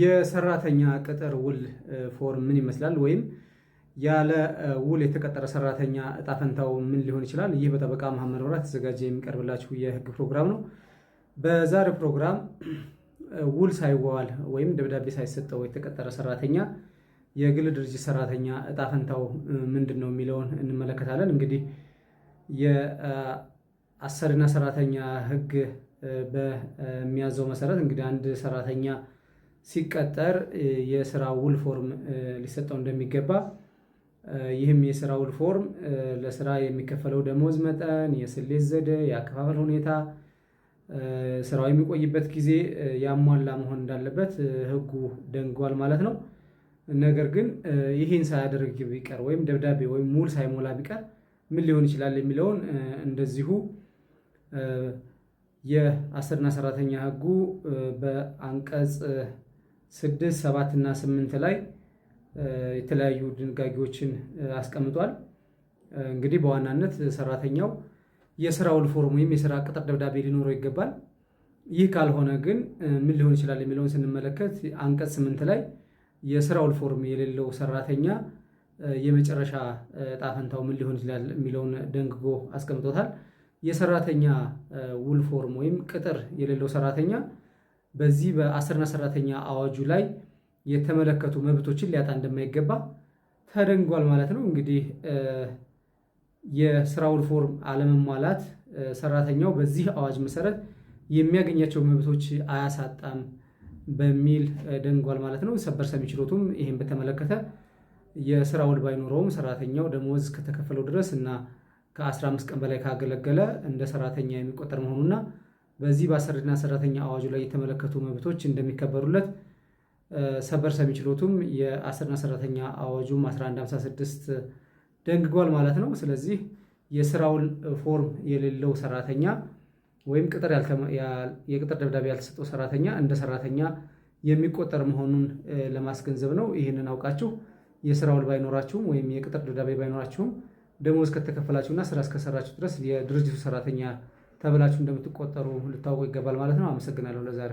የሰራተኛ ቅጥር ውል ፎርም ምን ይመስላል? ወይም ያለ ውል የተቀጠረ ሰራተኛ እጣ ፈንታው ምን ሊሆን ይችላል? ይህ በጠበቃ መሐመድ ወራ ተዘጋጀ የሚቀርብላችሁ የህግ ፕሮግራም ነው። በዛሬ ፕሮግራም ውል ሳይዋዋል ወይም ደብዳቤ ሳይሰጠው የተቀጠረ ሰራተኛ የግል ድርጅት ሰራተኛ እጣ ፈንታው ምንድን ነው የሚለውን እንመለከታለን። እንግዲህ የአሰሪና ሰራተኛ ህግ በሚያዘው መሰረት እንግዲህ አንድ ሰራተኛ ሲቀጠር የስራ ውል ፎርም ሊሰጠው እንደሚገባ ይህም የስራ ውል ፎርም ለስራ የሚከፈለው ደሞዝ መጠን፣ የስሌት ዘዴ፣ የአከፋፈል ሁኔታ፣ ስራው የሚቆይበት ጊዜ ያሟላ መሆን እንዳለበት ህጉ ደንግጓል ማለት ነው። ነገር ግን ይህን ሳያደርግ ቢቀር ወይም ደብዳቤ ወይም ውል ሳይሞላ ቢቀር ምን ሊሆን ይችላል የሚለውን እንደዚሁ የአስርና ሰራተኛ ህጉ በአንቀጽ ስድስት ሰባት እና ስምንት ላይ የተለያዩ ድንጋጌዎችን አስቀምጧል። እንግዲህ በዋናነት ሰራተኛው የስራ ውል ፎርም ወይም የስራ ቅጥር ደብዳቤ ሊኖረው ይገባል። ይህ ካልሆነ ግን ምን ሊሆን ይችላል የሚለውን ስንመለከት አንቀጽ ስምንት ላይ የስራ ውል ፎርም የሌለው ሰራተኛ የመጨረሻ ጣፈንታው ፈንታው ምን ሊሆን ይችላል የሚለውን ደንግጎ አስቀምጦታል። የሰራተኛ ውል ፎርም ወይም ቅጥር የሌለው ሰራተኛ በዚህ በአሰሪና ሰራተኛ አዋጁ ላይ የተመለከቱ መብቶችን ሊያጣ እንደማይገባ ተደንጓል ማለት ነው። እንግዲህ የስራውን ፎርም አለመሟላት ሰራተኛው በዚህ አዋጅ መሰረት የሚያገኛቸው መብቶች አያሳጣም በሚል ደንጓል ማለት ነው። ሰበር ሰሚ ችሎቱም ይህን በተመለከተ የስራ ውል ባይኖረውም ሰራተኛው ደሞዝ ከተከፈለው ድረስ እና ከ15 ቀን በላይ ካገለገለ እንደ ሰራተኛ የሚቆጠር መሆኑና በዚህ በአሰሪና ሰራተኛ አዋጁ ላይ የተመለከቱ መብቶች እንደሚከበሩለት ሰበር ሰሚ ችሎቱም የአሰሪና ሰራተኛ አዋጁም 1156 ደንግጓል ማለት ነው። ስለዚህ የስራውን ፎርም የሌለው ሰራተኛ ወይም የቅጥር ደብዳቤ ያልተሰጠው ሰራተኛ እንደ ሰራተኛ የሚቆጠር መሆኑን ለማስገንዘብ ነው። ይህንን አውቃችሁ የስራ ውል ባይኖራችሁም ወይም የቅጥር ደብዳቤ ባይኖራችሁም ደሞዝ እስከተከፈላችሁና ስራ እስከሰራችሁ ድረስ የድርጅቱ ሰራተኛ ተብላችሁ እንደምትቆጠሩ ልታውቁ ይገባል ማለት ነው። አመሰግናለሁ ለዛሬ